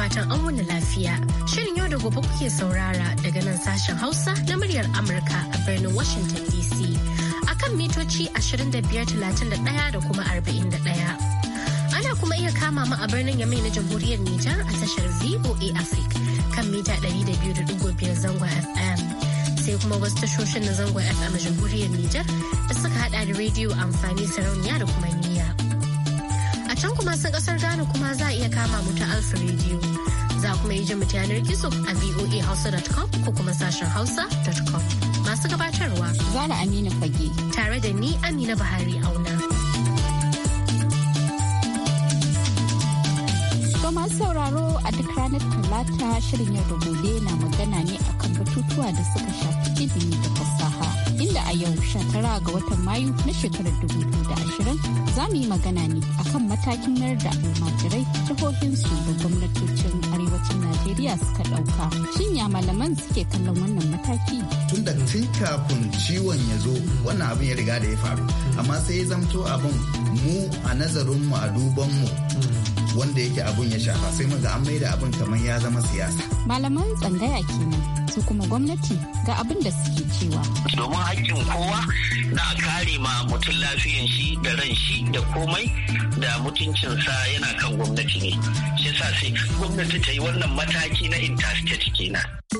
fatan an wani lafiya. Shirin yau da gobe kuke saurara daga nan sashen Hausa na muryar Amurka a birnin Washington DC. A kan mitoci 2531 da kuma 41. Ana kuma iya kama mu a birnin Yamai na Jamhuriyar Nijar a tashar VOA Africa kan mita 200.5 zangon FM. sai kuma wasu tashoshin na zangon FM jamhuriyar Nijar da suka hada da rediyo amfani sarauniya da kuma niyya. A can kuma sun kasar Ghana kuma za a iya kama mu ta Alfa rediyo kuma yi mu yanar gizo a voahausa.com ko kuma sashen hausa.com. Masu gabatarwa Zana Amina Fage tare da ni Amina Buhari Auna. masu sauraro a duk ranar talata shirin yau da gobe na magana ne akan batutuwa da suka shafi ilimi da fasaha. inda a yau shekara ga watan Mayu na shekarar 2020 za mu yi magana ne akan matakin mayar da almajirai jihohinsu da gwamnatocin arewacin Najeriya suka ɗauka. Shin ya malaman suke kallon wannan mataki? Tun da tun kafin ciwon ya zo wannan abin ya riga da ya faru. Amma sai ya zamto abin mu a nazarinmu a duban mu wanda yake abun ya shafa sai ga an da abin kamar ya zama siyasa. Malaman tsangaya kenan. su kuma gwamnati ga abin da suke cewa. Domin haƙƙin kowa na kare ma mutum lafiyan shi da ran shi da komai da mutuncinsa yana kan gwamnati ne. Shi sa sai gwamnati ta yi wannan mataki na interstate kenan.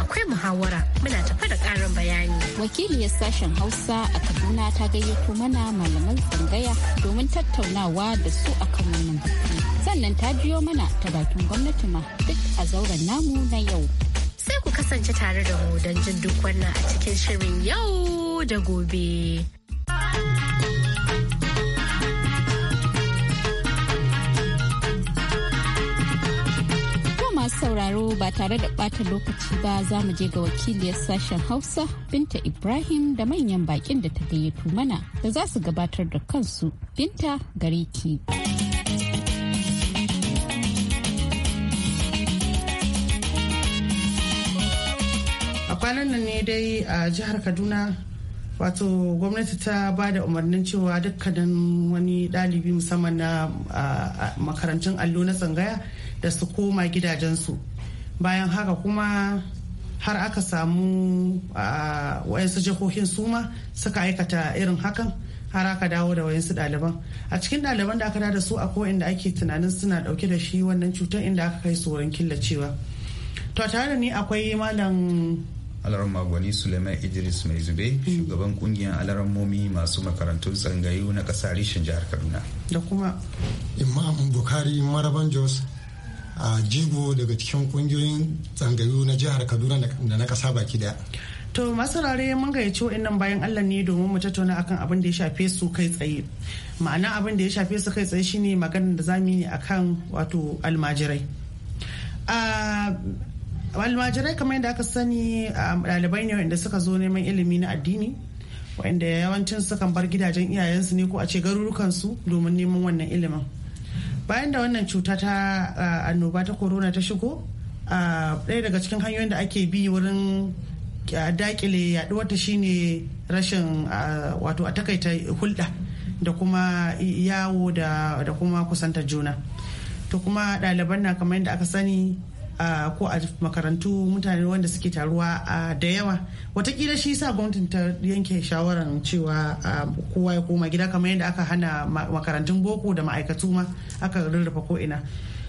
akwai muhawara muna tafa da karin bayani. Wakiliyar sashen Hausa a Kaduna ta gayyato mana malaman tsangaya domin tattaunawa da su akan wannan batun. Sannan ta biyo mana ta bakin gwamnati ma duk a zauren namu na yau. Sai ku kasance tare da mu don jin duk wannan a cikin shirin yau da gobe. sauraro ba tare da ɓata lokaci ba za mu je ga wakiliyar sashen Hausa Binta Ibrahim da manyan bakin da ta gayyato mana da za su gabatar da kansu Binta gare ki. A kwanan nan ne dai a jihar Kaduna wato gwamnati ta ba da umarnin cewa dukkanin wani ɗalibi musamman na makarantun allo na tsangaya da su koma gidajensu bayan haka kuma har aka samu wayansu jihohin suma suka aikata irin hakan har aka dawo da wayansu ɗaliban a cikin ɗaliban da aka da su a inda ake tunanin suna ɗauke da shi wannan cutar inda aka kai su wurin killacewa to tare da ni akwai malam alaran magwani suleiman idris mai zube mm. shugaban kungiyar alaran momi masu makarantun tsangayu na ƙasa rishin jihar kaduna da kuma imam bukari maraban jos a jigo daga cikin kungiyoyin tsangayu na jihar kaduna da na kasa baki daya to masarare mun gayyaci wa'annan bayan allah ne domin mu tattauna akan abin da ya shafe su kai tsaye ma'ana abin da ya shafe su kai tsaye shine maganar da zamu yi akan wato almajirai almajirai kamar yadda aka sani dalibai ne wanda suka zo neman ilimi na addini wanda yawancin sukan bar gidajen iyayensu ne ko a ce su domin neman wannan ilimin bayan da wannan cuta ta uh, annoba ta corona ta shigo uh, ɗaya daga cikin hanyoyin da ake bi wurin uh, dakile yaduwar ta shine rashin wato a takaita hulɗa da kuma yawo da kuma kusantar juna to kuma ɗaliban na kamar yadda aka sani ko a makarantu mutane wanda suke taruwa da yawa watakila shi sa gwamnatin ta yanke shawarar cewa kowa ya koma gida kamar yadda aka hana makarantun boko da ma'aikatu ma aka rurrufa ko ina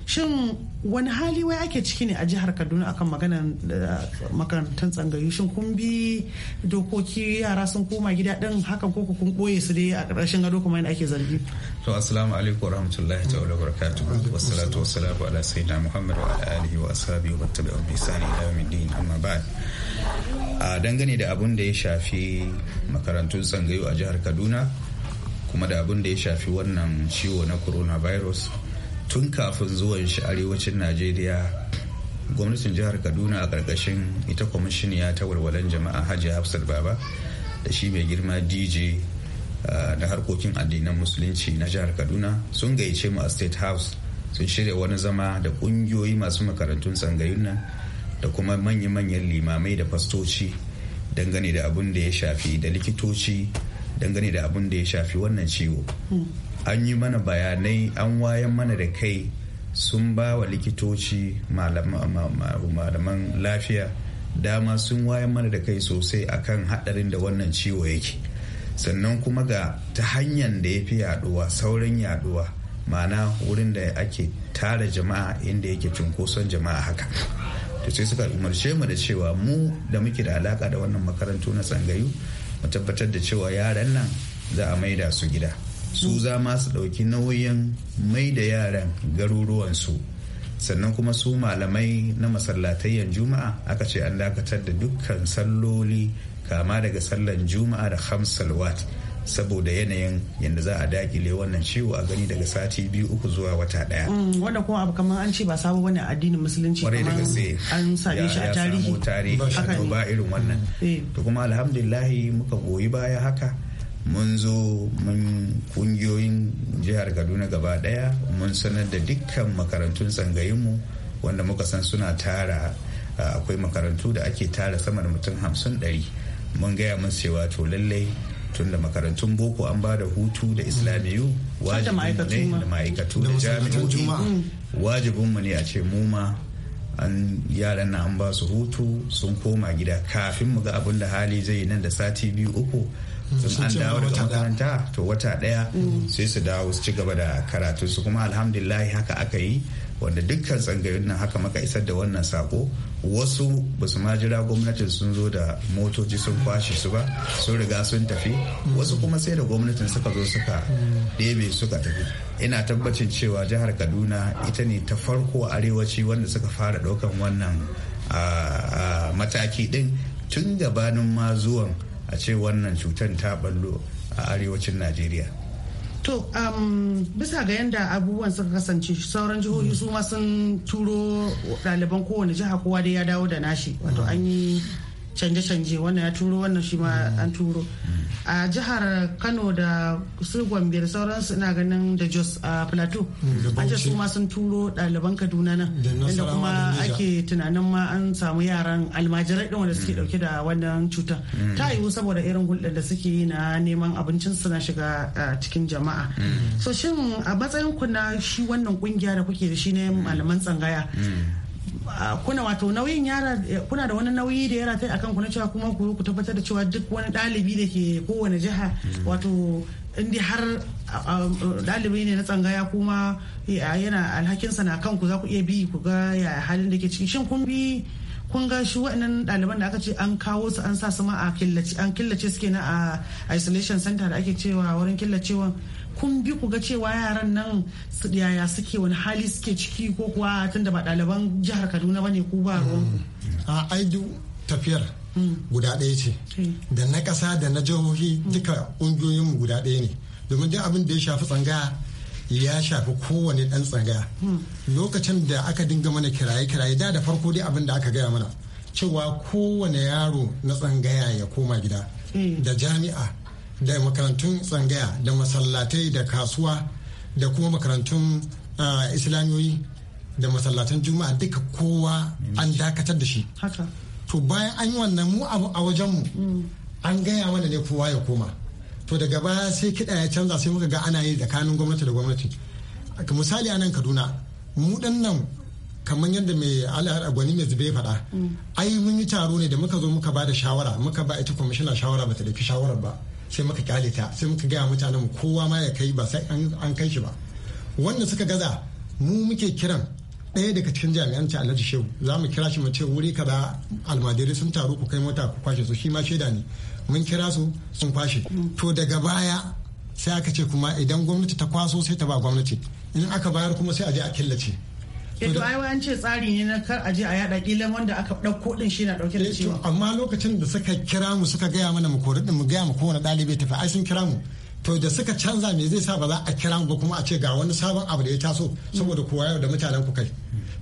shin wani hali wai ake ciki ne a jihar kaduna akan maganar eh, makarantar tsangayu shin kun bi dokoki yara sun koma gida din hakan ko kun koye su dai a ƙarshen gado kuma yadda ake zargi to assalamu alaikum warahmatullahi ta'ala barakatuhu wassalatu wassalamu ala sayyidina muhammad wa alihi wa ashabihi wa tabi'u bi sani ila yawmiddin amma ba'd a dangane da abun da ya shafi makarantun tsangayu a jihar kaduna kuma da abun da ya shafi wannan ciwo na coronavirus tun kafin zuwan shi arewacin najeriya gwamnatin jihar kaduna a ƙarƙashin ita kwamishiniya ta walwalan jama'a hajji hafsat baba da shi mai girma dj ah, na harkokin addinan musulunci na jihar kaduna sun gayyace mu a state house sun shirya wani zama da ƙungiyoyi masu makarantun tsangayin nan da kuma manya-manyan limamai da fastoci dangane da abin da ya shafi da likitoci dangane da abin da ya shafi wannan ciwo hmm. an yi mana bayanai an wayan mana da kai sun ba wa likitoci malaman lafiya dama sun wayan mana da kai sosai akan hadarin da wannan ciwo yake sannan kuma ga ta hanyar da ya fi yaduwa saurin yaduwa mana wurin da ake tara jama'a inda yake cunkoson jama'a haka to sai suka umarce mu da cewa mu da muke da alaka da wannan makarantu na tsangayu mu tabbatar da cewa yaran nan za a maida su gida su za ma su ɗauki nauyin mai da yaran garuruwansu sannan kuma su malamai na masallatai yan juma'a aka ce an dakatar da dukkan salloli kama daga sallan juma'a da hamsalwat saboda yanayin yadda za a dakile wannan ciwo a gani daga sati biyu uku zuwa wata daya. Mm, wanda kuma abu kamar an ce ba sabo wani addinin musulunci kwarai an same shi a tarihi ba irin wannan mm. to kuma alhamdulillahi muka goyi baya haka mun zo mun kungiyoyin jihar kaduna gaba daya mun sanar da dukkan makarantun tsangayinmu wanda muka san suna tara akwai makarantu da ake tara sama da mutum hamsin ɗari mun gaya mun cewa to lallai tun da makarantun boko an ba da hutu da islamiyu wajibinmu ne ma'aikatu da jami'o'i mm. wajibinmu ne a ce mu ma an yaran na an ba su hutu sun koma gida kafin mu ga abin da hali zai nan da sati biyu uku sun an dawo daga makaranta to wata daya sai su dawo su ci gaba da karatu su kuma alhamdulillah haka aka yi wanda dukkan tsangayoyin nan haka maka isar da wannan sako wasu ba su ma jira gwamnatin sun zo da motoci sun kwashe su ba sun riga sun tafi wasu kuma sai da gwamnatin suka zo suka debe suka tafi ina tabbacin cewa jihar kaduna ita ne ta farko arewaci wanda suka fara ɗaukan wannan ah, ah, mataki din tun gabanin ma zuwan a ce wannan cutar ta ballo a arewacin najeriya to um, bisa ga yadda abubuwan suka kasance sauran jihohi su ma sun turo daliban kowane jiha kowa dai ya dawo da nashi wato an yi canje-canje wannan ya turo wannan shi ma mm. an turo a jihar kano da su gombe da sauransu ina ganin da jos a plateau an ce su ma sun turo ɗaliban kaduna nan inda kuma ake tunanin ma an samu yaran almajirai ɗin wanda suke mm. ɗauke da wannan cutar mm. ta yiwu saboda irin hulɗar da suke yi na neman abincin na shiga cikin jama'a so shin a matsayin ku na shi wannan kungiya da kuke da shi ne malaman tsangaya kuna wato nauyin yara kuna da wani nauyi da yara tai akan kuna na cewa kuma ku tabbatar da cewa duk wani ɗalibi da ke kowane jiha wato indi har ɗalibi ne na tsangaya kuma yana alhakinsa na kanku za ku iya bi ku ga ya halin da ke ciki shin kun bi kun ga shi waɗannan ɗaliban da aka ce an kawo su an sa su ma a killace an killace suke na a isolation center da ake cewa wurin killacewan kun bi ku ga cewa yaran nan su yaya suke wani hali suke ciki ko kuwa tun da ba ɗaliban jihar kaduna ba ne ku ba ruwanku mm. a ah, du tafiyar mm. guda ɗaya ce da na ƙasa da na jihohi mm. duka ƙungiyoyinmu guda ɗaya ne domin duk abin da ya shafi tsangaya ya shafi kowane ɗan tsangaya lokacin da aka dinga mana kiraye-kiraye da da farko dai abin da aka gaya mana cewa kowane yaro na tsangaya ya koma gida da jami'a da makarantun tsangaya da masallatai da kasuwa da kuma makarantun islamiyoyi da masallatan juma'a duka kowa an dakatar da shi to bayan an yi wannan mu a wajenmu mm. an gaya mana ne kowa ya koma to daga baya sai kiɗa ya canza sai muka ga ana yi tsakanin gwamnati da gwamnati misali anan kaduna mu ɗan nan kamar yadda mai al'ar gwani mai zube faɗa mm. ai mun yi taro ne da muka zo muka ba da shawara muka ba ita kwamishina shawara bata ta ɗauki shawarar ba sai muka kyale ta sai muka gaya mutanen mu kowa ma ya kai ba sai an kai shi ba wanda suka gaza mu muke kiran ɗaya daga cikin jami'an ta alhaji shehu za mu kira shi mu ce wuri kaza almajirai sun taru ku kai mota ku kwashe su shi ma shaida ne mun kira su sun kwashe to daga baya sai aka ce kuma idan gwamnati ta kwaso sai ta ba gwamnati in aka bayar kuma sai a je a killace eh to ai an ce tsari ne na kar a je a yada kilan wanda aka dauko din shi na dauke da eh, ciwo amma lokacin da suka kira mu suka gaya mana mu kori din mu gaya mu kowane dalibi tafi ai sun kira mu to da suka canza me zai sa ba za a kira ba kuma a ce ga wani sabon abu da ya taso saboda kowa yau da mutanen ku kai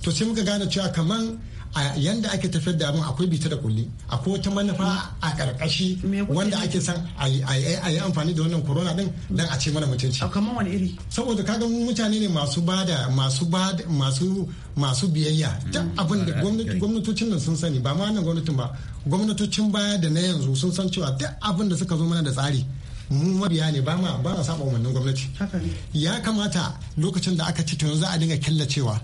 to sai muka gane cewa kaman a yanda ake tafiyar da abin akwai bita da kulli akwai wata manufa a karkashi wanda ake san a yi amfani da wannan corona din dan a ce mana mutunci a kaman wani iri saboda kaga mutane ne masu bada masu bada masu masu biyayya duk mm. abin da gwamnatocin nan sun sani ba ma wannan gwamnatin ba gwamnatocin baya da na yanzu sun san cewa duk abin da suka zo mana da tsari mu mabiya ne ba ma ba saba wannan gwamnati ya kamata lokacin da aka ci to za a dinga killacewa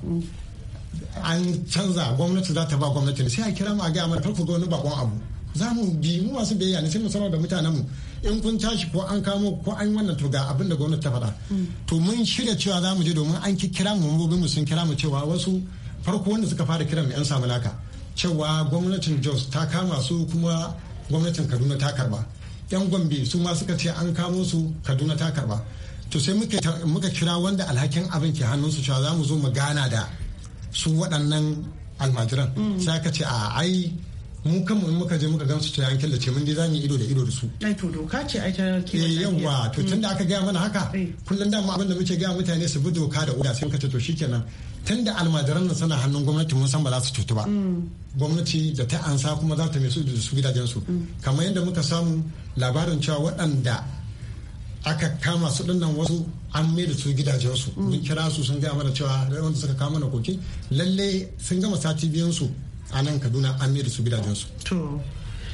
an canza gwamnati za ta ba gwamnati ne sai a kira mu a gaya mana kar ku ga wani bakon abu za mu bi mu masu biyayya ne sai mu sanar da mutanen mu in kun tashi ko an kamo ko an wannan to ga abin da gwamnati ta faɗa mm. to mun shirya cewa za mu je domin an kira mu mambobin mu sun kira mu cewa wasu farko wanda suka fara kiran mu yan samu cewa gwamnatin Jos ta kama su kuma gwamnatin Kaduna ta karba yan gombe su ma suka ce an kamo su kaduna ta karba to sai muka kira wanda alhakin abin ke hannunsu cewa za mu zo mu gana da su waɗannan almajiran mm. sai aka ce a ai mu kanmu in muka je muka gamsu to da ce mun dai ido da ido da su ai to doka ce ai ta kiwon eh, iya. yawa to mm. tunda aka gaya mana haka eh. kullun da mu abin muke gaya mutane su bi doka da oda sai muka ce to shikenan tunda almajiran nan suna hannun gwamnati mun san ba za su cutu ba mm. gwamnati da ta ansa kuma za ta mai su da su gidajensu mm. kamar yadda muka samu labarin cewa waɗanda aka kama su nan wasu an mai da su gidajensu mun kira su sun gaya mana cewa wanda suka kama na koki lalle sun gama sati biyan su a nan kaduna an mai da su gidajensu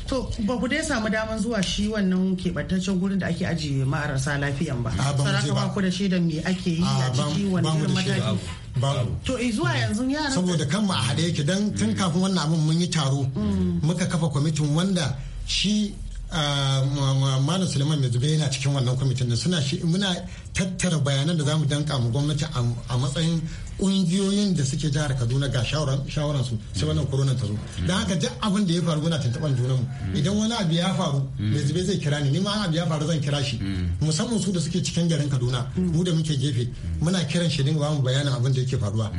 to ba ku dai samu daman zuwa shi wannan keɓantaccen gurin da ake ajiye marasa lafiyan ba saraka ba ku da shaidan me ake yi a ciki wannan mataki to zuwa yanzu yaran saboda kan mu a haɗe yake dan tun kafin wannan abin mun yi taro mm. muka kafa kwamitin wanda shi ah, malam suleiman Mezube yana cikin wannan kwamitin suna muna tattara bayanan da zamu danka mu gwamnati a matsayin ƙungiyoyin da suke jihar Kaduna ga shawaran su sai wannan corona ta zo dan haka duk abin da ya faru muna tantaban mu idan wani abu ya faru mai zube zai kira ni ni ma abu ya faru zan kira shi musamman su da suke cikin garin Kaduna mu da muke gefe muna kiran shi dinga mu bayanin abin da yake faruwa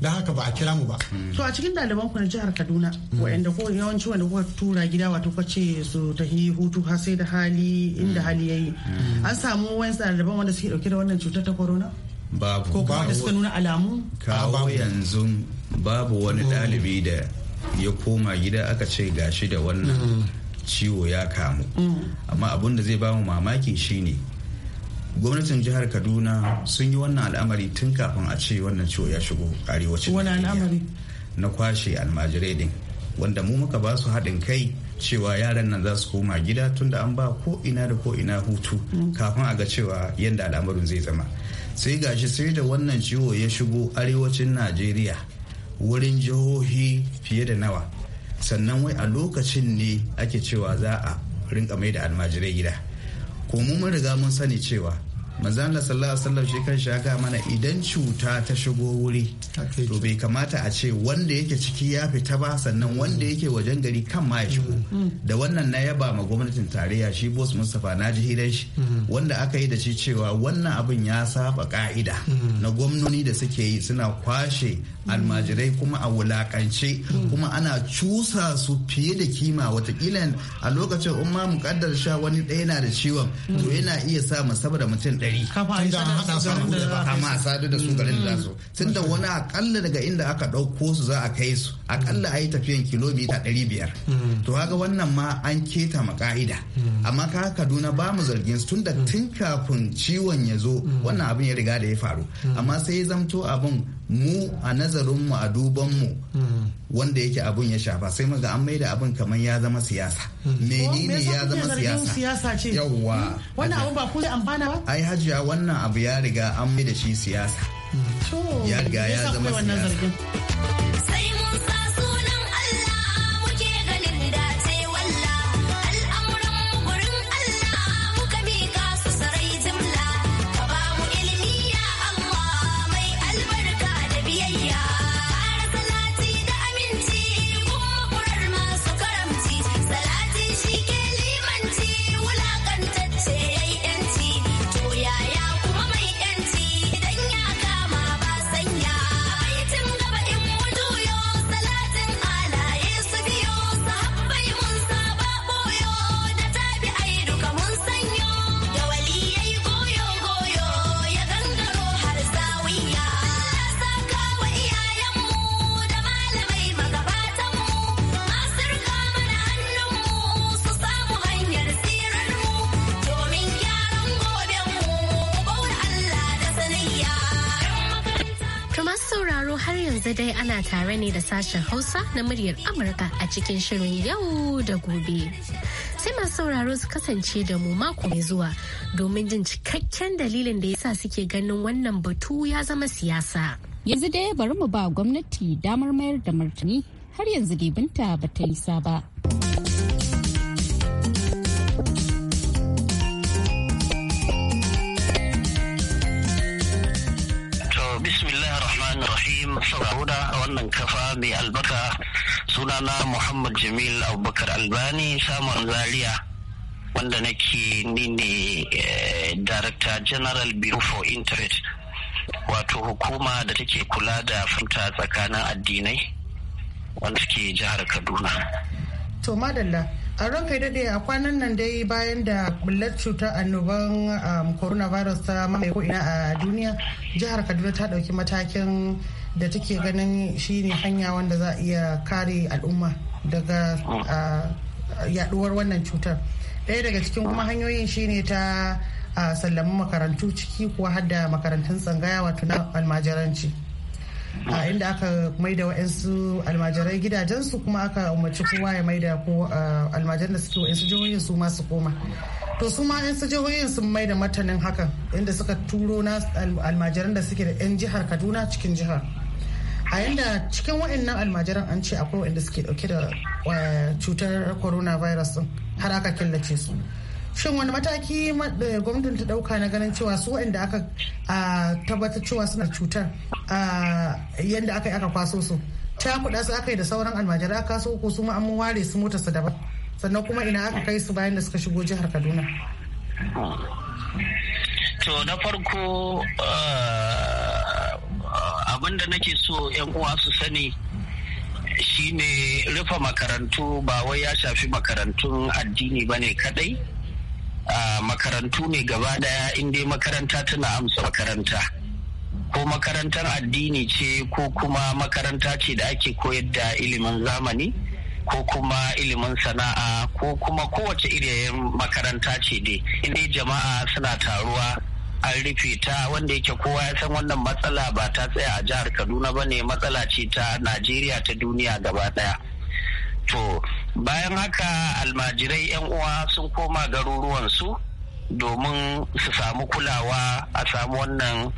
dan haka ba a kira mu ba to a cikin daliban ku na jihar Kaduna Waɗanda ko yawanci wanda kuka tura gida wato kace su tahi hutu har sai da hali inda hali yayi an samu wani ɗaliban wanda suke kira wannan cutar ta corona babu ko kuma suka nuna alamu kawo yanzu babu wani ɗalibi da ya koma gida aka ce gashi da wannan mm. ciwo ya kamu mm. amma abin da zai bamu mamaki shine gwamnatin jihar kaduna sun yi wannan al'amari tun kafin a ce wannan ciwo ya shigo arewacin wani al'amari na kwashe almajirai din wanda mu muka ba su haɗin kai cewa yaran nan za su koma gida da an ba ko ina da ko ina hutu kafin a ga cewa yadda al'amarin zai zama sai gashi sai da wannan ciwo ya shigo arewacin najeriya wurin jihohi fiye da nawa sannan wai a lokacin ne ake cewa za a rinka mai da almajirai gida mun riga mun sani cewa mazan da sallallahu sallam shi kan shaga mana idan cuta ta shigo wuri to bai kamata a ce wanda yake ciki ya fita ba sannan wanda mm. yake wajen gari kan ma ya shigo mm. Mm. da wannan na yaba ma gwamnatin tarayya shi bos Mustapha na ji hidan shi wanda aka yi da shi cewa wannan abin ya saba ka'ida na gwamnoni da suke yi suna kwashe almajirai kuma a wulakance kuma ana cusa su fiye da kima watakila a lokacin umma mukaddar sha wani ɗaya na da ciwon to yana iya sa mu saboda mutum ɗari tun da a da sadu da su garin da su tun da wani akalla daga inda aka ɗauko su za a kai su akalla a yi tafiyan kilomita ɗari biyar hmm. to haka wannan ma an keta ma ka'ida hmm. amma ka kaduna ba mu zargin su tun da hmm. tun kafin ciwon ya zo wannan abin ya riga da ya faru amma sai ya zamto abin mu a nazarinmu a dubanmu hmm. wanda yake abun ya shafa sai muga an maida abun kamar ya zama siyasa hmm. menene ya zama siyasa yawwa hmm. wannan abun ba ku amfana ba ai hajiya wannan abu ya riga an maida shi siyasa ya riga ya zama siyasa ne da sashen Hausa na muryar Amurka a cikin shirin yau da gobe. Sai masu sauraro su kasance da mu mako mai zuwa domin jin cikakken dalilin da yasa suke ganin wannan batu ya zama siyasa. Yanzu dai bari mu ba gwamnati damar mayar da martani har yanzu dai binta ba ta ba. sarauda a wannan kafa mai albarka sunana Muhammad Jamil Abubakar Albani samun Zaria wanda nake ni ne eh, Director General Bureau for Internet wato hukuma da take kula da fanta tsakanin addinai wanda ke jihar Kaduna. To madalla a ranka dade a kwanan nan dai bayan da bullar cutar annoban um, coronavirus ta mamaye ko ina a duniya jihar kaduna ta ɗauki matakin da take ganin shi ne hanya wanda za a iya kare al'umma daga ah. Ah, yaduwar wannan cutar ɗaya daga cikin kuma ah. hanyoyin shi ne ta sallami makarantu ciki kuwa hadda makarantun tsangaya wato na almajiranci a inda aka maida wa'yansu almajirai gidajensu kuma aka umarci kowa ya maida ko almajiran da suke wa'yansu jihohin su masu koma to su ma 'yan jihohin sun maida matanin hakan inda suka turo na almajiran da suke da 'yan jihar kaduna cikin jihar a yanda cikin wa'annan almajiran an ce akwai wa'anda suke dauke da eh, cutar coronavirus din har aka killace su shin wani mataki gwamnatin ta ɗauka na ganin cewa su wa'anda aka tabbatar cewa suna cutar yadda aka yi aka kwaso su ta kuɗa su aka yi da sauran almajirai aka so ko su ma an ware su mota su daban sannan kuma ina aka kai su bayan da suka shigo jihar kaduna to na farko eh, abin da nake so 'yan uwa su sani shine rufe makarantu ba wai ya shafi makarantun addini ba ne kadai makarantu ne gaba daya inda makaranta tana amsa makaranta ko makarantar addini ce ko kuma makaranta ce da ake koyar da ilimin zamani ko kuma ilimin sana'a ko kuma kowace iriyayen makaranta ce dai inda jama'a suna taruwa an rufe ta wanda yake kowa ya san wannan matsala ba ta tsaya a jihar kaduna ba ne matsala ce ta najeriya ta duniya gaba daya to bayan haka almajirai 'yan uwa sun koma garuruwansu domin su samu kulawa a samu wannan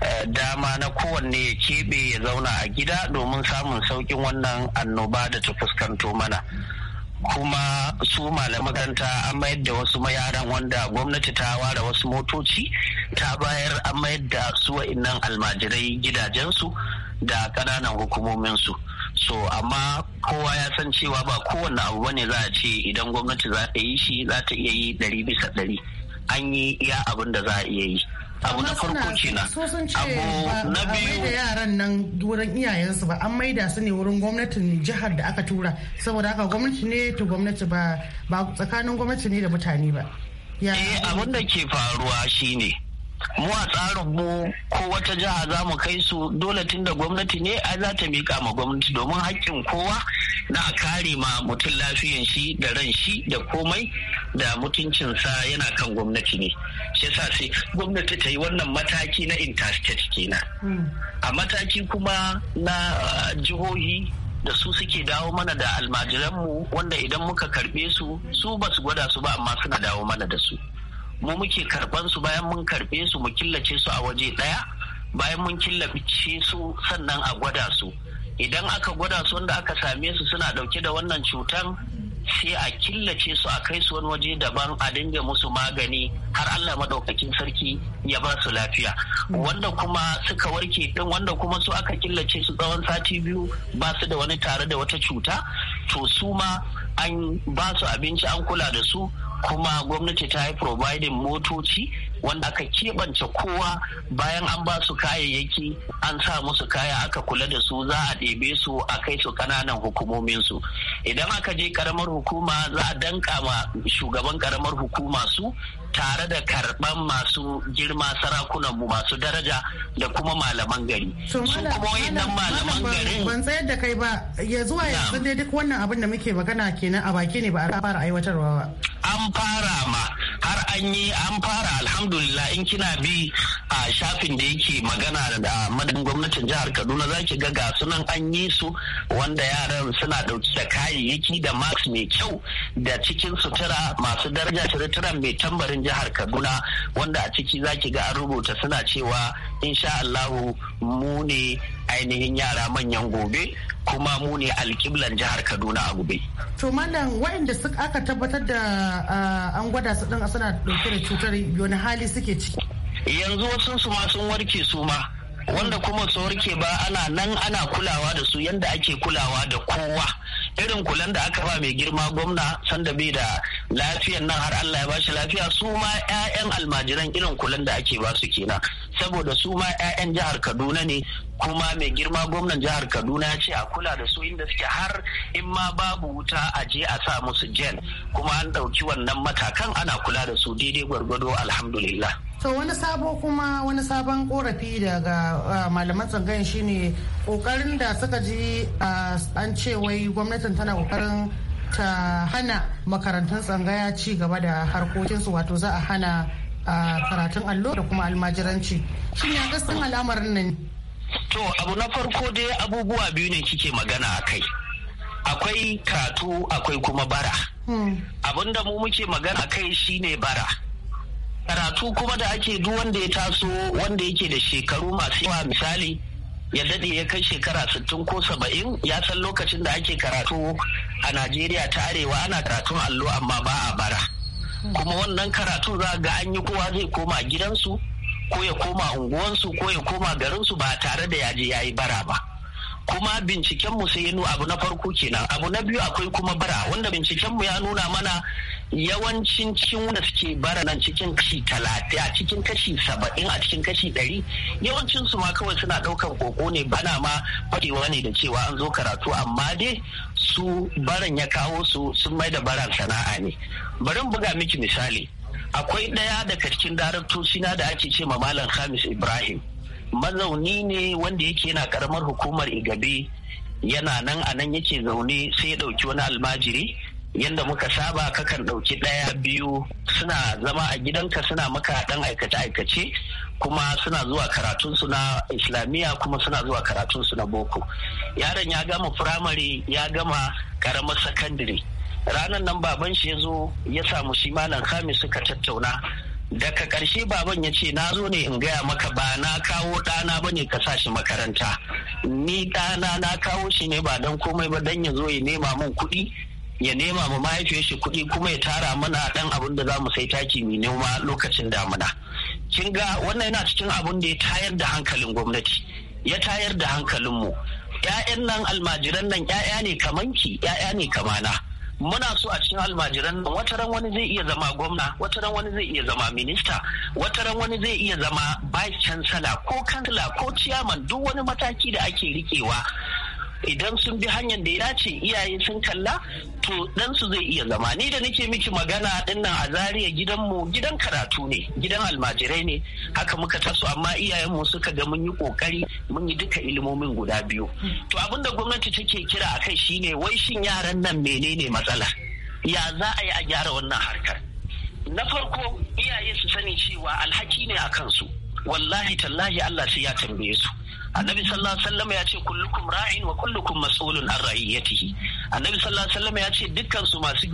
eh, dama na kowanne ya keɓe ya zauna a gida domin samun saukin wannan annoba da ta fuskanto mana. kuma su malaman makaranta an mayar da wasu mayaran wanda gwamnati ta ware wasu motoci ta bayar an mayar da su wa'innan almajirai gidajensu da ƙananan hukumominsu so amma kowa ya san cewa ba kowane abu bane za a ce idan gwamnati za ta yi shi za ta iya yi ɗari bisa ɗari an yi iya abin da za a iya yi abu na farko kenan abu na biyu da yaran nan wurin iyayensu ba an maida su ne wurin gwamnatin jihar da aka tura saboda haka gwamnati ne to gwamnati ba tsakanin gwamnati ne da mutane ba eh abin da ke faruwa shine mu a tsarin mu ko wata jiha za mu kai su dole tun da gwamnati ne a za ta mika ma gwamnati domin haƙƙin kowa na kare ma mutum lafiyan shi da ran shi da komai da mutuncinsa yana kan gwamnati ne shi yasa sai gwamnati ta yi wannan mataki na interstate kenan a mataki kuma na ah, jihohi da su suke dawo mana da almajiranmu wanda idan muka karɓe su su ba su gwada su ba amma suna dawo mana da su mu muke karban su bayan mun karbe su mu killace su a waje daya. bayan mun killace su sannan a gwada su idan aka gwada su wanda aka same su suna ɗauke da wannan cutan sai a killace su a kai su wani waje daban a dinga musu magani har Allah madaukakin sarki ya ba su lafiya wanda kuma suka warke din wanda kuma su aka killace su tsawon sati biyu ba su da wani tare da wata cuta to su ma an ba su abinci an kula da su kuma gwamnati ta yi providing motoci wanda aka keɓance kowa bayan an ba su kayayyaki an sa musu kaya aka kula da su za a ɗebe su a kai su ƙananan hukumomin su idan aka je ƙaramar hukuma za a danka ma shugaban ƙaramar hukuma su tare da karɓan masu girma sarakunan mu masu daraja da kuma malaman gari su kuma wayannan malaman gari. ban tsayar da kai ba ya zuwa ya dai duk wannan abin da muke magana kenan a baki ne ba a fara aiwatarwa ba an fara ma har an yi an fara alhamdulillah in kina bi a shafin da yake magana da madadin gwamnatin jihar kaduna za ki ga gasu nan an yi su wanda yaran suna dauki da kayayyaki da max mai kyau da cikin sutura masu daraja sutura mai tambarin jihar kaduna wanda a ciki za ki ga an rubuta suna cewa insha allahu mu ne ainihin yara manyan gobe kuma mu ne alkiblan jihar kaduna a gobe. to malam waɗanda aka tabbatar da an gwada su ɗin suna ɗauke da cutar yoni hali suke ciki. yanzu wasu su ma sun warke su ma wanda kuma su warke ba ana nan ana kulawa da su yadda ake kulawa da kowa irin kulan da aka ba mai girma gwamna sanda bai da lafiyan nan har Allah ya bashi lafiya su ma 'ya'yan almajiran irin kulan da ake ba su kenan saboda su ma 'ya'yan jihar Kaduna ne kuma mai girma gwamnan jihar Kaduna ya ce a kula da su inda suke har in ma babu wuta a je a sa musu gel kuma an ɗauki wannan matakan ana kula da su daidai gwargwado alhamdulillah. To wani sabo kuma wani sabon korafi daga ah, malaman tsangayin shine kokarin da suka ji ah, an ce wai gwamnatin tana kokarin ta hana makarantun tsangaya ci gaba da harkokinsu wato za a hana karatun allo da kuma almajiranci shin ya gaskin al'amarin nan to abu na farko dai abubuwa biyu ne kike magana a kai akwai karatu akwai kuma bara hmm. abin da mu muke magana kai shine bara karatu kuma da ake duk wanda ya taso wanda yake da shekaru masu yawa misali ya dade ya kai shekara sittin ko saba'in ya san lokacin da ake karatu a najeriya ta arewa ana karatun allo amma ba a bara kuma wannan karatu za ga an yi kowa zai koma gidansu ko ya koma unguwansu ko ya koma garinsu ba tare da yaje yayi bara ba kuma binciken mu sai ya nuna abu na farko kenan abu na biyu akwai kuma bara wanda binciken mu ya nuna mana yawancin ciwon da suke bara nan cikin kashi talatin a cikin kashi saba'in a cikin kashi ɗari yawancin su ma kawai suna ɗaukan koko ne bana ma fadewa ne da cewa an zo karatu amma dai su baran ya kawo su sun mai da baran sana'a ne bari buga miki misali akwai ɗaya daga cikin daraktocina da ake ce malam hamis ibrahim mazauni ne wanda yake yana karamar hukumar igabe yana nan a nan yake zaune sai ya ɗauki wani almajiri yadda muka saba kakan ɗauki ɗaya biyu suna zama a gidanka suna maka ɗan aikace-aikace kuma suna zuwa karatunsu na islamiyya kuma suna zuwa karatun su na boko yaron ya gama firamare ya gama karamar sakandare ranar nan baban shi ya zo ya samu shi malam kami suka tattauna daga karshe baban ya ce na zo ne in gaya maka ba na kawo ɗana ba ne ka sa shi makaranta ni ɗana na kawo shi ne ba don komai ba don ya zo ya nema min kuɗi ya nema ma mahaifiyar shi kuɗi kuma ya tara mana ɗan abin da za mu sai taki mai noma lokacin damuna kin ga wannan yana cikin abin da ya tayar da hankalin gwamnati ya tayar da hankalinmu ‘ya'yan nan almajiran nan ‘ya'ya ne ki, ‘ya'ya ne kamana muna so a cikin almajiran nan Wata ran wani zai iya zama gwamna Wata ran wani zai iya zama minista Wata ran wani zai iya zama vice chancellor ko kansila ko ciyaman duk wani mataki da ake rikewa idan sun bi hanyar da ya dace iyaye sun kalla to ɗansu zai iya zama ni da nake miki magana ɗinnan nan a zariya gidanmu gidan karatu ne gidan almajirai ne haka muka taso amma iyayenmu suka ga mun yi ƙoƙari mun yi duka ilimomin guda biyu to abin da gwamnati take kira a kai shine wai shin yaran nan menene matsala ya za a yi a gyara wannan harkar na farko iyaye su sani cewa alhaki ne a kansu wallahi tallahi Allah sai ya tambaye su annabi sallallahu alaihi wasallam ya ce kullukum ra'in wa kullukum mas'ulun an ra'iyatihi annabi sallallahu alaihi wasallam ya ce dukkan su masu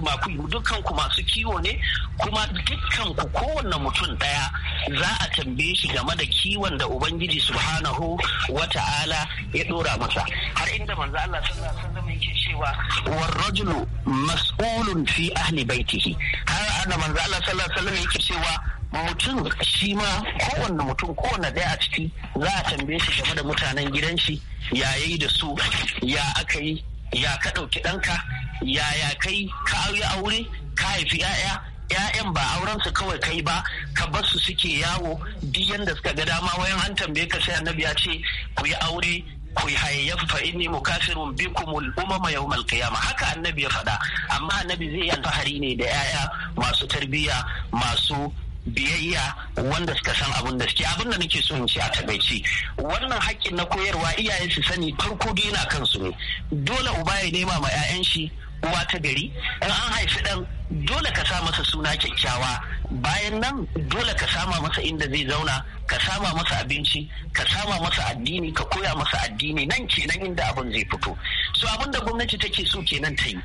dukkan ku masu kiwo ne kuma dukkan ku kowanne mutum daya za a tambaye shi game da kiwon da ubangiji subhanahu wa ta'ala ya dora masa har inda manzo Allah sallallahu alaihi wasallam yake cewa war rajulu mas'ulun fi ahli baitihi har ana manzo Allah sallallahu alaihi wasallam yake cewa mutum shi ma kowanne mutum kowanne ɗaya a ciki za a tambaye shi game da mutanen gidan shi ya yayi da su ya aka yi ya ka ɗauki ɗanka ya ya kai ka yi aure ka haifi 'ya'ya ‘ya'yan ba auren su kawai kai ba ka bar su suke yawo duk yanda suka ga dama wayan an tambaye ka sai annabi ya ce ku yi aure ku hayyan fa inni mukasirun bikum al umama yawm al qiyamah haka annabi ya faɗa amma annabi zai yi alfahari ne da yaya masu tarbiyya masu biyayya wanda suka san abin da suke abin da nake so in ce a taɓaici. wannan haƙƙin na koyarwa iyaye su sani farko dai yana kansu ne dole uba ya nema ma 'ya'yan shi uwa ta gari in an haifi ɗan dole ka sa masa suna kyakkyawa bayan nan dole ka sama masa inda zai zauna ka sama masa abinci ka sama masa addini ka koya masa addini nan kenan inda abin zai fito so abin da gwamnati take so kenan ta yi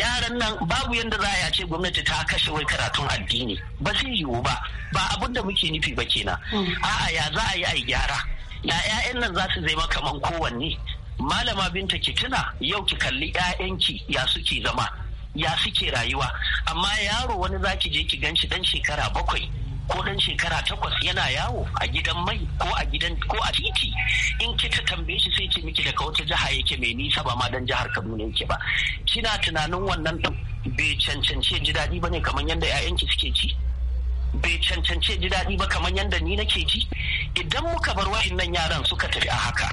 yaran nan babu yadda za a ce gwamnati ta kashe wai karatun addini ba zai yiwu ba ba abin da muke nufi ba kenan hmm. a'a ya za a yi a gyara ya 'ya'yan nan za su zama kaman kowanne malama binta ki tuna yau ki kalli 'ya'yanki ya suke zama ya suke rayuwa amma yaro wani zaki je ki shi dan shekara bakwai ko dan shekara takwas yana yawo a gidan mai ko a gidan ko a titi in kita tambaye shi sai ce miki daga wata jiha yake mai nisa ba ma dan jihar Kaduna yake ba kina tunanin wannan bai cancance ji daɗi bane kamar yadda 'ya'yanki suke ci bai cancance ji daɗi ba kamar yadda ni nake ji idan muka bar wa'annan yaran suka tafi a haka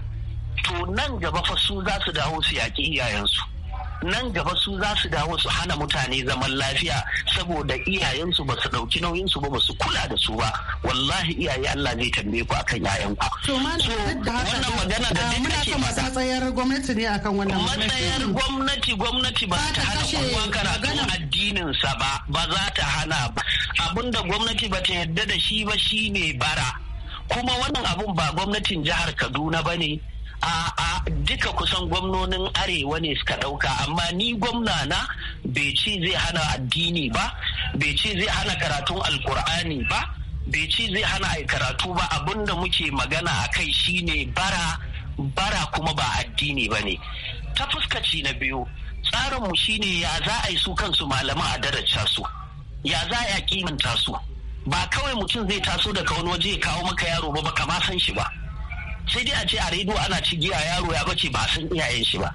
to nan gaba fa su za su dawo su yaƙi iyayensu nan gaba su za su dawo su hana mutane zaman lafiya saboda iyayensu ba su ɗauki nauyinsu ba ba su kula da su ba wallahi iyaye Allah zai tambaye ku akan ku. To wannan magana da duk ba faɗa. Matsayar gwamnati ne akan wannan matsayar gwamnati gwamnati ba ta hana kowa addinin sa ba ba za ta hana ba abinda gwamnati ba ta yarda da shi ba shine bara kuma wannan abun ba gwamnatin jihar Kaduna ba ne a duka kusan gwamnonin arewa ne suka dauka amma ni gwamna na bai ce zai hana addini ba bai ce zai hana karatun alkur'ani ba bai ce zai hana ai karatu ba abinda muke magana a kai shine bara bara kuma ba addini ba ne ta fuskaci na biyu tsarinmu shine ya za a yi su kansu malaman a daraja su ya za a kimanta su ba kawai mutum zai taso daga wani waje ya kawo maka yaro ba baka ma san shi ba sai dai a ce a rediyo ana ci giya yaro ya bace ba san iyayen shi ba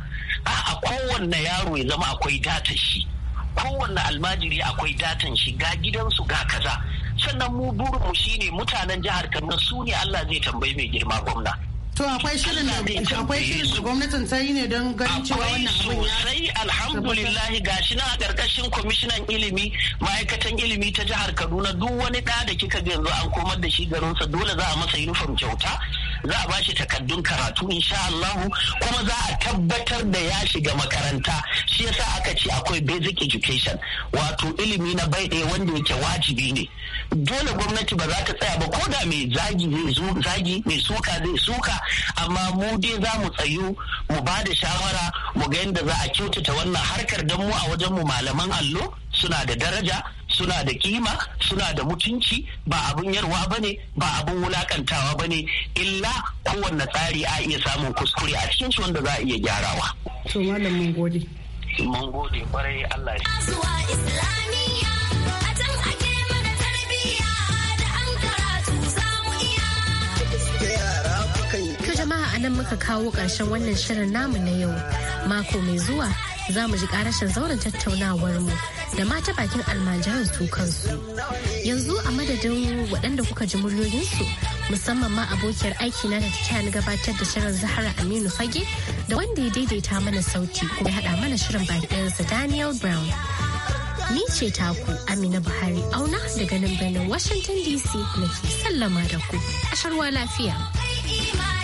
a kowanne yaro ya zama akwai datan shi kowanne almajiri akwai datan shi ga gidansu ga kaza sannan mu mu shine mutanen jihar Kaduna su ne Allah zai tambayi mai girma gwamna To akwai shirin da akwai shirin da gwamnatin ta yi ne don ganin cewa wannan abin ya sai alhamdulillah gashi na a karkashin kwamishinan ilimi ma'aikatan ilimi ta jihar Kaduna duk wani da da kika ga yanzu an komar da shi garinsa dole za a masa uniform kyauta za a bashi takaddun karatu insha Allah kuma za a tabbatar da ya shiga makaranta shi yasa aka ce akwai basic education wato ilimi na bai ɗaya wanda yake wajibi ne dole gwamnati ba za ta tsaya ba ko da mai zagi zai zagi mai suka zai suka amma mu dai za mu tsayu mu ba da shawara mu ga yadda za a kyautata wannan harkar don mu a wajen mu malaman allo suna da daraja suna da kima suna da mutunci ba abin yarwa ba ne ba abin wulakantawa ba ne illa kowanne tsari a iya samun kuskure a cikin shi wanda za a iya gyarawa. to A mun jama'a anan muka kawo ƙarshen wannan shirin namu na yau mako mai zuwa za mu ji karashin zauren tattaunawar mu da mata bakin almajiran su kansu yanzu a madadin waɗanda kuka ji muryoyinsu musamman ma abokiyar aiki na da ta gabatar da shirin zahara aminu fage da wanda ya daidaita mana sauti kuma ya haɗa mana shirin sa daniel brown ni ce taku amina buhari auna daga nan birnin washington dc na sallama da ku a lafiya